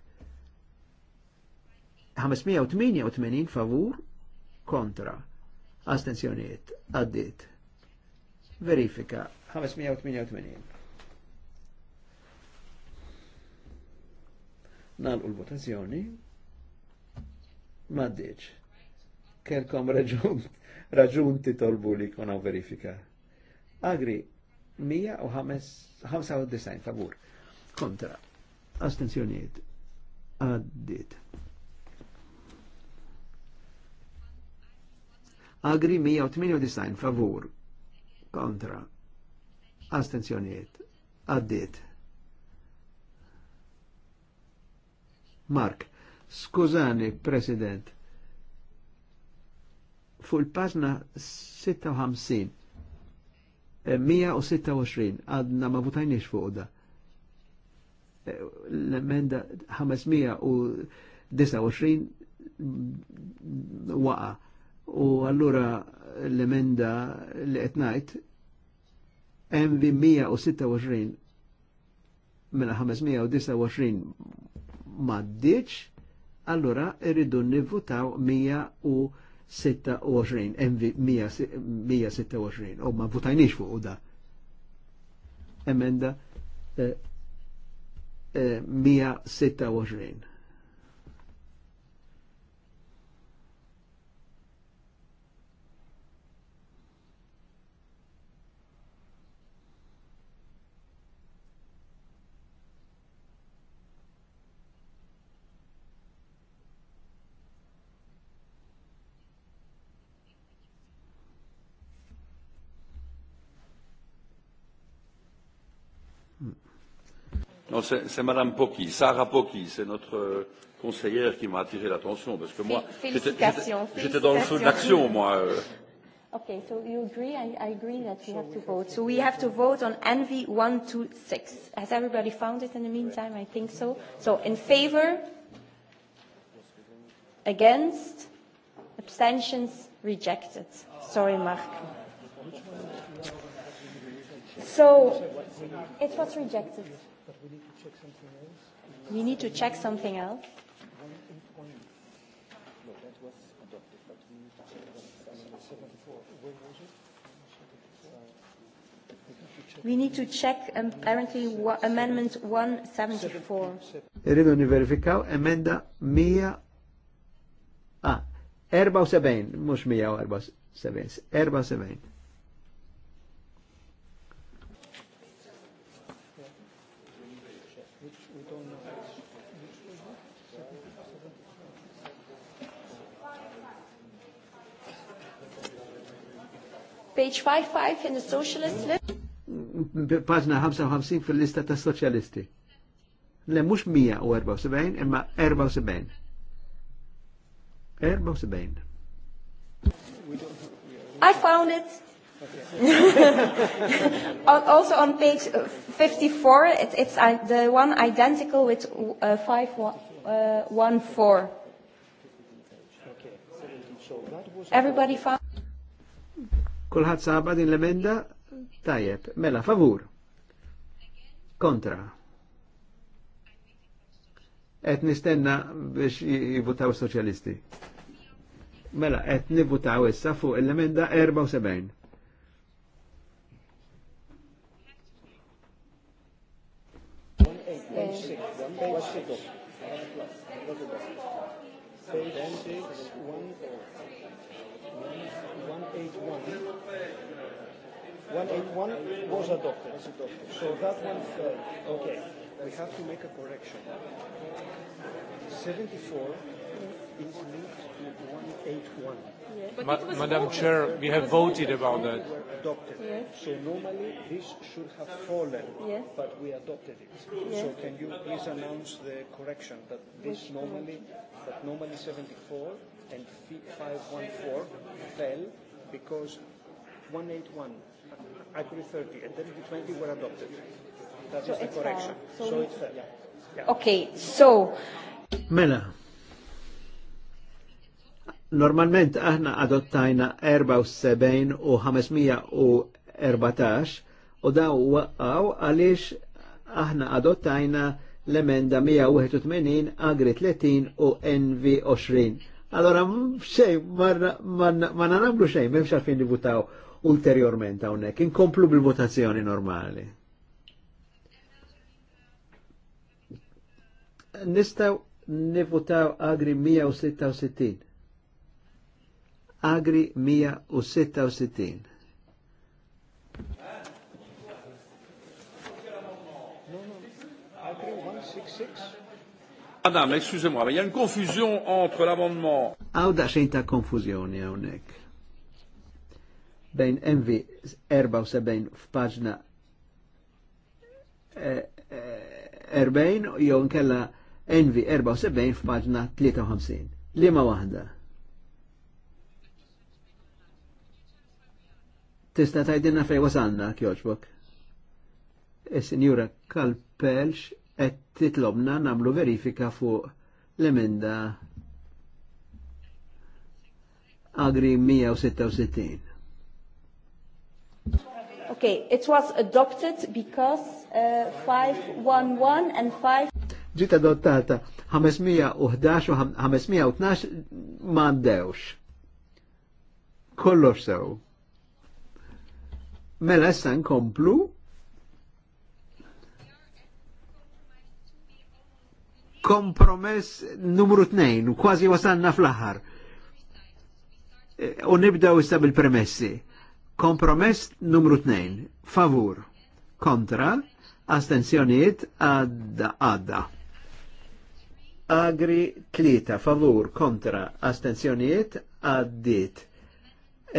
[SPEAKER 2] 588 favur kontra astenzjoniet għaddit verifika 588 nalqu l-votazzjoni maddiċ kelkom raġun raġun tolbu li konaw verifika agri 195 favur kontra astenzjoniet għaddit Agri 198 favur kontra astenzjoniet Addit. Mark, skużani, President, Ful pasna 56, 126, għadna ma votajniex fuq da. Eh, l-emenda 529 waqa' U allura l-emenda li etnajt MV 126 mela 529 maddiċ, allura irridu nivvutaw 126, MV 126, u ma votajniex fuq da. Emenda 126. Eh, eh,
[SPEAKER 1] Non, c'est Madame Pocky, Sarah Pocky, c'est notre euh, conseillère qui m'a attiré l'attention, parce que moi, j'étais dans le feu de l'action, moi. Euh. Okay, so you agree? I, I agree that we have to vote. So we have to vote on NV 126. Has everybody found it in the meantime? I think so. So in favor? Against? Abstentions? Rejected. Sorry, Mark.
[SPEAKER 2] So
[SPEAKER 3] it was rejected.
[SPEAKER 2] We need to check something else. We need to check um, apparently what,
[SPEAKER 1] amendment 174.
[SPEAKER 2] Irridu niverifikaw emenda 100 ah, 74, mux 174, 74.
[SPEAKER 1] Page 55 in the socialist list.
[SPEAKER 2] 55 fil-lista ta' Le mux 174 imma 74. 74.
[SPEAKER 1] I found it. also on page 54, it, it's uh, the one identical with uh, 514. Uh, Everybody found
[SPEAKER 2] Kulħadd saba din l-emenda tajjeb. Mela, favur. Kontra. Et nistenna biex jivutaw soċjalisti. Mela, et nivutaw issa fuq l-emenda 74.
[SPEAKER 1] one was adopted. So that one fell. Okay.
[SPEAKER 2] We have to make a correction. 74 is linked to 181.
[SPEAKER 3] Yeah. But Ma Madam voted. Chair, we have voted about that.
[SPEAKER 2] Adopted. Yeah. So normally this should have fallen, yeah. but we adopted it. Yeah. So can you please announce the correction that this Which normally, that normally 74 and 514 fell because 181 April 30, and then the 20 were adopted. That so is the correction.
[SPEAKER 3] Fair. So, so it's fair.
[SPEAKER 1] Yeah. yeah. Okay, so.
[SPEAKER 3] Mela.
[SPEAKER 2] Normalment aħna adottajna 74 u 500 u 14 u daw waqqaw għaliex aħna adottajna l-emenda 181 agri 30 u NV 20. Allora, xej, ma nanamlu xej, memx għarfin li butaw ulterjorment hawnhekk. Inkomplu bil-votazzjoni normali. Nistaw nivutaw agri 166. Agri 166. Madame, excusez-moi, mais il y a une confusion entre l'amendement. Għawda xejn ta' konfuzjoni hawnhekk bejn MV 74 f'paġna 40 eh, eh, jew nkella NV 74 f'paġna 53. Liema waħda. Tista' tgħidilna fejn wasalna kjoġbok. Is-Sinjura e, Kalpelx qed titlobna nagħmlu verifika fuq l-emenda Agri 166.
[SPEAKER 1] Okay, it was adopted because uh, 511 and 5...
[SPEAKER 2] Ġiet adottata 511 u 512 ma ndewx. Kollox sew. Mela issa nkomplu kompromess numru 2, kważi wasanna fl-aħħar. E, u nibdew issa bil-premessi Kompromess numru 2. Favur. Kontra. Astenzjoniet ad għadda. Agri 3. Favur. Kontra. Astenzjoniet għaddit.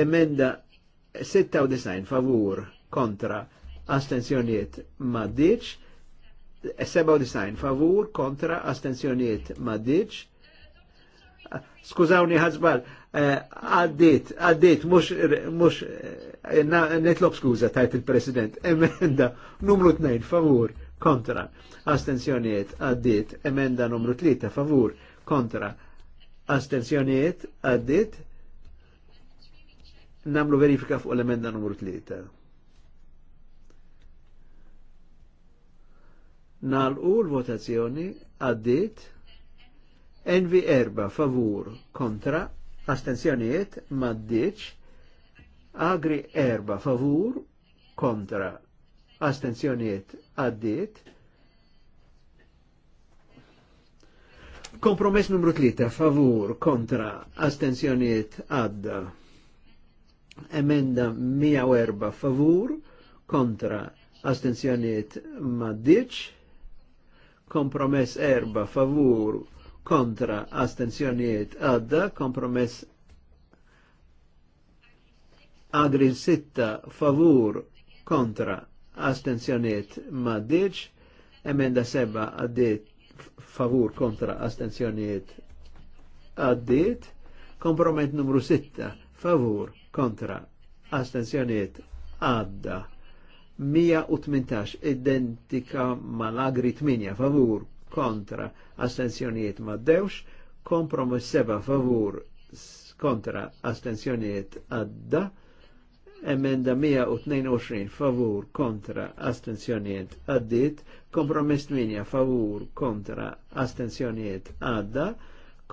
[SPEAKER 2] Emenda 96. Favur. Kontra. Astenzjoniet maddiċ. 97. Favur. Kontra. Astenzjoniet maddiċ skużawni ħazbal, eh, għaddit, għaddit, mux, eh, netlob skuza tajt il-president, emenda numru 2, favur, kontra, astenzjoniet, għaddit, emenda numru 3, favur, kontra, astenzjoniet, għaddit, namlu verifika fuq l-emenda numru 3. Nalqu l-votazzjoni għaddit Envi erba favur kontra astenzjoniet maddiċ. Agri erba favur kontra astenzjoniet għaddit. Kompromess numru 3, favur, kontra, astenzjoniet għadda. Emenda 104, favur, kontra, astenzjoniet maddiċ. Kompromess erba favur, kontra astenzjoniet għadda, kompromess agri sitta favur kontra astenzjoniet maddiċ emenda seba għaddit favur kontra astenzjoniet għaddit, kompromet numru sitta favur kontra astenzjoniet għadda. 118 identika mal-agri 8 favur kontra astensjonijiet maddewx, kompromis seba favur kontra astenzjonijiet għadda, emenda 122 favur kontra astenzjonijiet għaddit, kompromis 8 favur kontra astenzjonijiet għadda,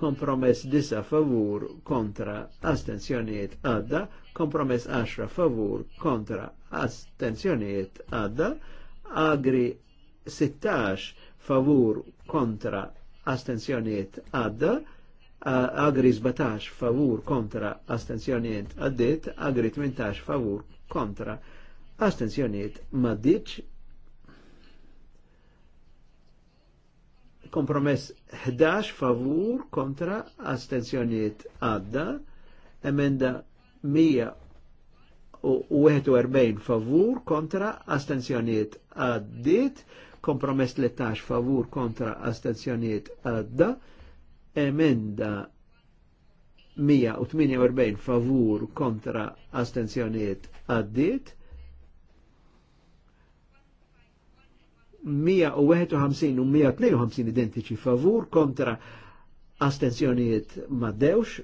[SPEAKER 2] kompromess disa favur kontra astenzjonijiet għadda, kompromess 10 favur kontra astenzjonijiet għadda, agri 16 favur kontra astenzjoniet għadda, agri 17 favur kontra astenzjoniet għaddit, agri 18 favur kontra astenzjoniet maddiċ, kompromess 11 favur kontra astenzjoniet għadda, emenda 141 favur kontra astenzjoniet għaddit, kompromess 13 favur kontra astenzjoniet għadda, emenda 148 favur kontra astenzjoniet għaddit, 151 u 152 identiċi favur kontra astenzjoniet maddewx,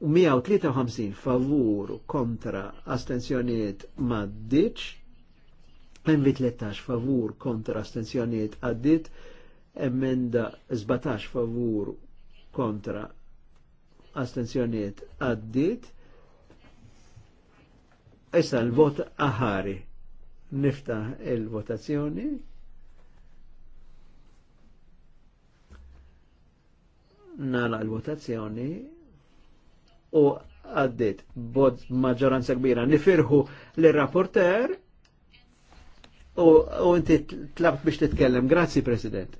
[SPEAKER 2] u 153 favur kontra astenzjoniet maddiċ, MV13 favur kontra astenzjoniet għaddit, emenda 17 favur kontra astenzjoniet għaddit, Issa l-vot aħari. niftaħ il-votazzjoni. Nala l-votazzjoni u għaddit bod maġġoranza kbira. Nifirħu l-rapporter u inti tlabt biex titkellem. Grazzi, President.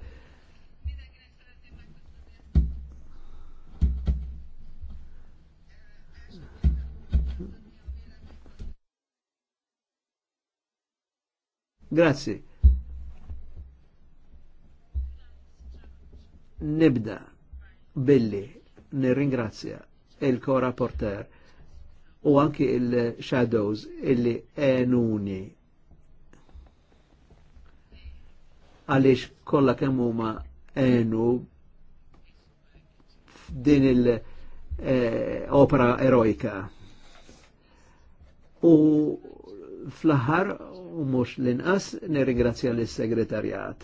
[SPEAKER 2] Grazzi. Nibda billi nirringrazzja il kora porter u anki il-shadows illi enuni għalix kolla kemmu ma enu din il-opera eh, eroika. U fl-ħar, u mux l-inqas, nirringrazzja l-segretarjat.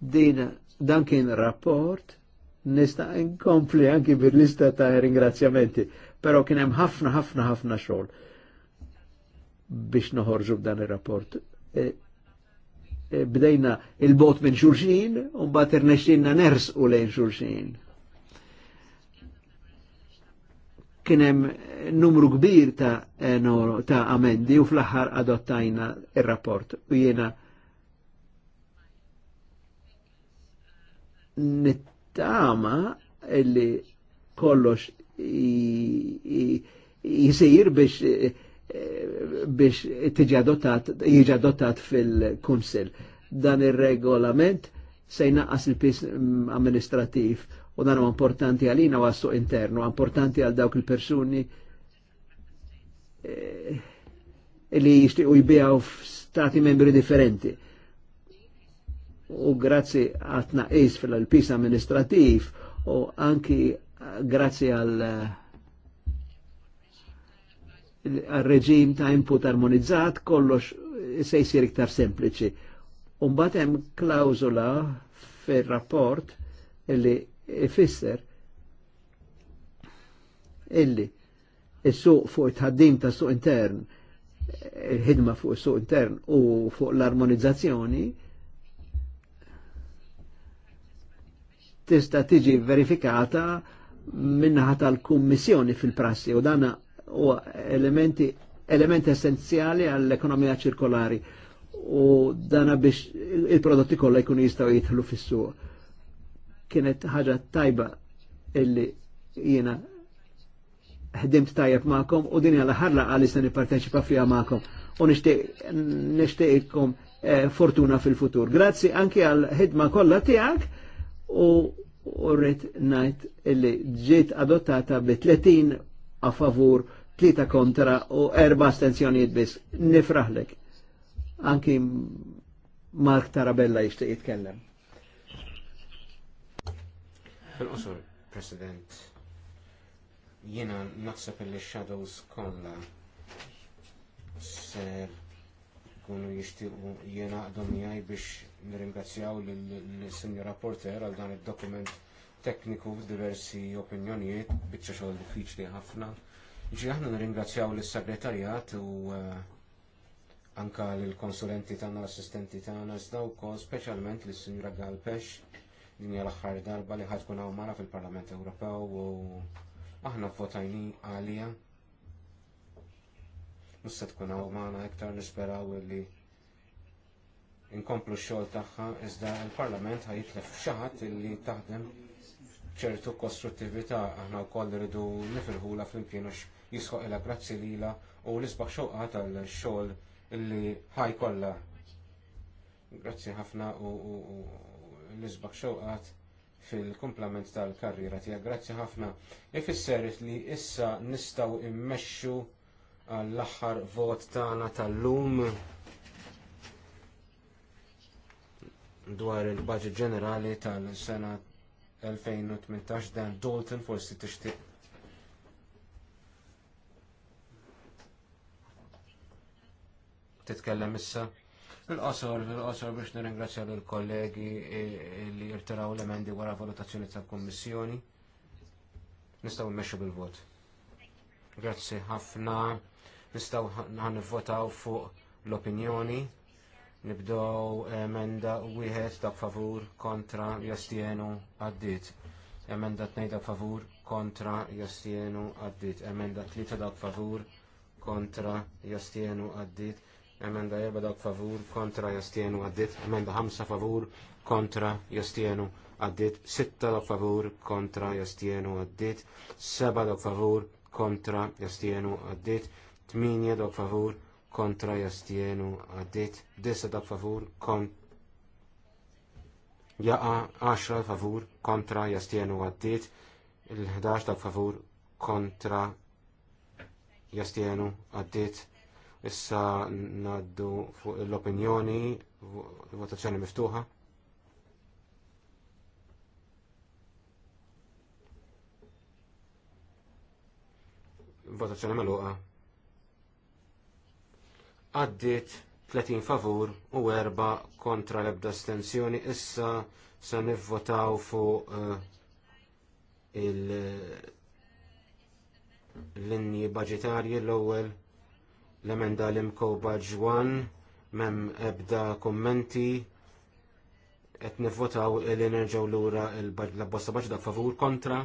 [SPEAKER 2] dina dan kien rapport nista' inkompli anki bil-lista ta' ringrazzjamenti, però kien hemm ħafna ħafna ħafna xogħol biex noħorġu b'dan ir-rapport. E, e, bdejna il-bot minn xulxin, u mbagħad irnexxinna ners u lejn xulxin. Kien hemm numru kbir ta', ta amendi u fl-aħħar adottajna ir-rapport u jiena nittama illi kollox jisir biex eh, biex tiġi adottat, jiġi adottat fil-Kunsil. Dan ir-regolament se jnaqqas il-pis amministrativ u dan huwa importanti għalina u għassu internu, importanti għal dawk il-persuni eh, li jishtiqu jibijaw f-stati membri differenti u grazzi għatna is fil-pis amministrativ u anki grazzi għal reġim ta' input armonizzat kollox se jsir iktar sempliċi. Umbat hemm klawzula fil rapport illi ifisser illi is-suq fuq it-ħaddim ta' suq intern, il-ħidma fuq is-suq intern u fuq l-armonizzazzjoni tista' tiġi verifikata minnaħa tal-Kummissjoni fil-prassi u dana huwa elementi element essenzjali għall-ekonomija ċirkolari u dana biex il-prodotti kollha jkunu jistgħu jidħlu fis-suq. Kienet ħaġa tajba illi jiena ħdimt tajjeb magħkom u din għal ħarla għalli se nipparteċipa fiha magħkom u nixtieqkom eh, fortuna fil-futur. Grazzi anke għal ħidma kollha tiegħek u rrit najt illi ġiet adottata bi 30 a favur, 3 kontra u 4 astenzjonijiet biss. Nifraħlek. Anki Mark Tarabella jishtiq jitkellem.
[SPEAKER 3] Fil-qosor, President, jiena naħseb illi shadows kolla ser kunu jishtiqu jena għadhom jaj biex nirringrazzjaw l-Senior Rapporter għal dan id-dokument tekniku f'diversi opinjonijiet, biċċa xogħol diffiċli ħafna. Ġi aħna nirringrazzjaw l-Segretarjat u eh, anka l-konsulenti tagħna, l-assistenti tagħna, iżda wkoll speċjalment lis-Sinjura Galpex din hija l-aħħar darba li ħadd tkun hawn magħna fil-Parlament Ewropew u aħna votajni għalija. Nista' tkun hawn magħna iktar nisperaw li inkomplu x-xogħol tagħha iżda l-Parlament ħajitlef xaħat illi taħdem ċertu kostruttività aħna wkoll iridu nifirħula flimkien għax jisħoq ilha grazzi lila u l-isbaħ xoqqa tal-xogħol illi ħaj kollha. Grazzi ħafna u l-isbaħ xoqqat fil-komplement tal-karriera tiegħek. Grazzi ħafna. Ifisser li issa nistgħu immexxu għall-aħħar vot tagħna tal-lum. dwar il-budget ġenerali tal-sena 2018 dan Dalton forsi tixtieq. Titkellem issa. Il-qosor, il-qosor biex nirringrazzja lill kollegi eh, li jirtiraw l-emendi wara valutazzjoni tal kummissjoni Nistgħu nmexxu bil-vot. Grazzi ħafna. Nistgħu ħan fuq l-opinjoni. Nibdow emenda wieħed ta' favur kontra jastienu għaddit. Emenda tnejn dak favur kontra jastienu għaddit. Emenda tlieta dak favur kontra jastienu għaddit. Emenda jeba dak favur kontra jastienu għaddit. Emenda ħamsa favur kontra jastienu għaddit. Sitta dak favur kontra jastienu għaddit. Seba dak favur kontra jastienu għaddit. Tminja dak favur kontra jastienu għaddit disa dak favur kon jaqa 10 favur kontra jastienu għaddit il-11 dak favur kontra jastienu għaddit issa naddu fuq l-opinjoni votazzjoni miftuħa votazzjoni meluqa għaddit 30 favur u 4 kontra l-ebda stenzjoni Issa se nivvotaw fuq eh, il-linji budgetarji l-ewwel l-emenda l-imko bħġwan, mem ebda kommenti, et nivvotaw il nerġaw l-ura l-bosta bħġda favur kontra,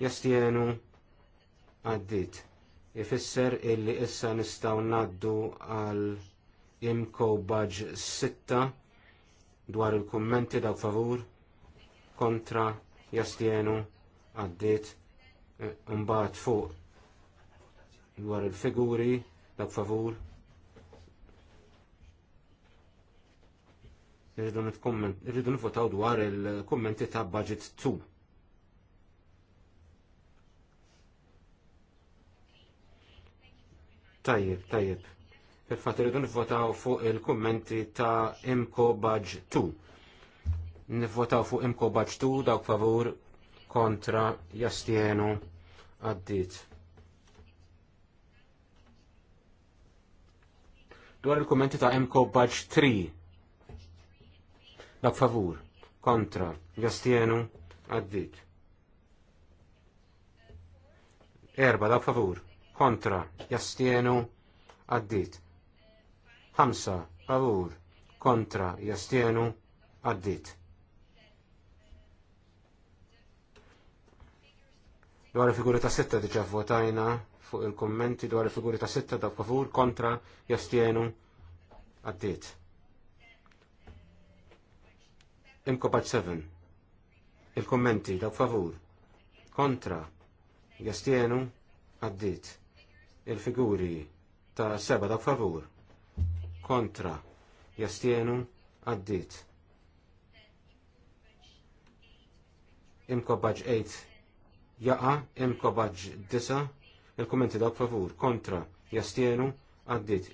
[SPEAKER 3] jastienu għaddit ifisser illi issa nistgħu ngħaddu għal imko baġ sitta dwar il-kummenti dawk favur kontra jastienu għaddiet e, mbagħad fuq dwar il-figuri dawk favur irridu nifutaw dwar il-kommenti ta' budget 2. Tajjeb, tajjeb. Fil-fat irridu nivvotaw fuq il-kummenti ta' Imko Baġ 2. Nivvotaw fuq Imko Baġ 2 dawk favur kontra jastienu għaddit. Dwar il-kummenti ta' Imko Baġ 3. Dawk favur kontra jastienu għaddit. Erba, dawk favur kontra, jastienu, għaddit. Hamsa, favur, kontra, jastienu, għaddit. Dwar il-figuri ta' sitta diġa votajna fuq il-kommenti dwar il-figuri ta' sitta da' favur, kontra, jastienu, għaddit. Imko bat 7. Il-kommenti da' favur, kontra, jastienu, għaddit il-figuri ta' seba dak favur kontra jastienu għaddit. Imkobbaġ 8 jaqa, imkobbaġ 9, il-kommenti da' favur kontra jastienu għaddit.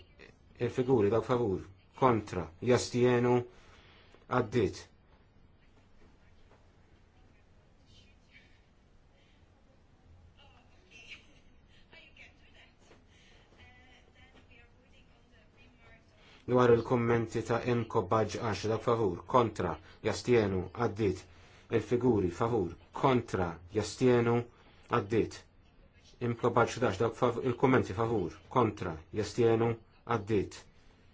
[SPEAKER 3] Il-figuri dak favur kontra jastienu għaddit. dwar il-kommenti ta' Inko baġ 10 dak favur kontra jastienu għaddit il-figuri favur kontra jastienu għaddit Inko baġ 11 il-kommenti favur kontra jastienu għaddit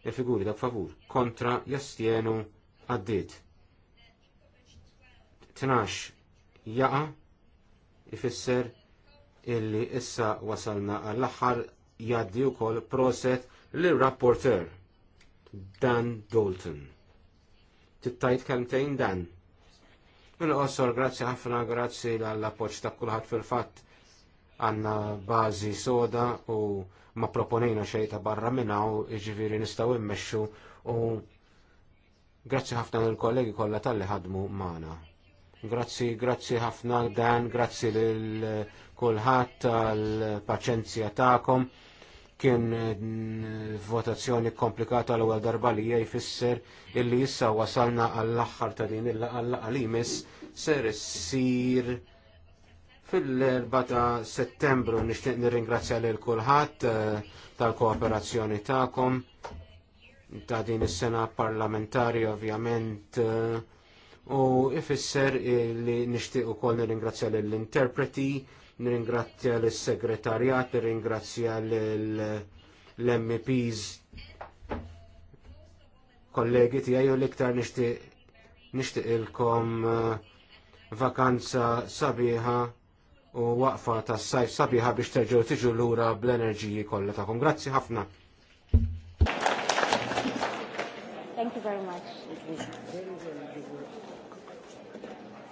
[SPEAKER 3] il-figuri dak favur kontra jastienu għaddit 12 jaqa ifisser illi issa wasalna għall-aħħar jaddi wkoll proset lir rapporter Dan Dalton. Tittajt kelmtejn Dan. Il-qosor, mela, grazzi ħafna, grazzi l-appoċ ta' kulħadd fil-fatt għanna bażi soda u ma proponejna xej ta' barra minna u iġviri nistgħu immexxu u grazzi ħafna lill-kollegi kollha tal-li ħadmu mana. Grazzi, grazzi ħafna Dan, grazzi l kulħadd tal-paċenzja tagħkom kien eh, votazzjoni komplikata l-ewwel darba li hija jfisser illi issa wasalna għall-aħħar ta' din il-laqalimis ser issir fil-4 ta' settembru nixtieq nirringrazzja lil kulħadd eh, tal-kooperazzjoni tagħkom ta' din is-sena parlamentari ovvjament eh, u ifisser li nixtieq ukoll nirringrazzja lill-interpreti nirringrazzja l-segretarjat, nirringrazzja l-MPs kollegi tiegħi u l-iktar nixtieq ilkom uh, vakanza sabiħa u waqfa tas sajf sabiħa biex terġgħu tiġu lura bl-enerġiji kollha tagħkom. Grazzi ħafna.
[SPEAKER 1] Thank you very much.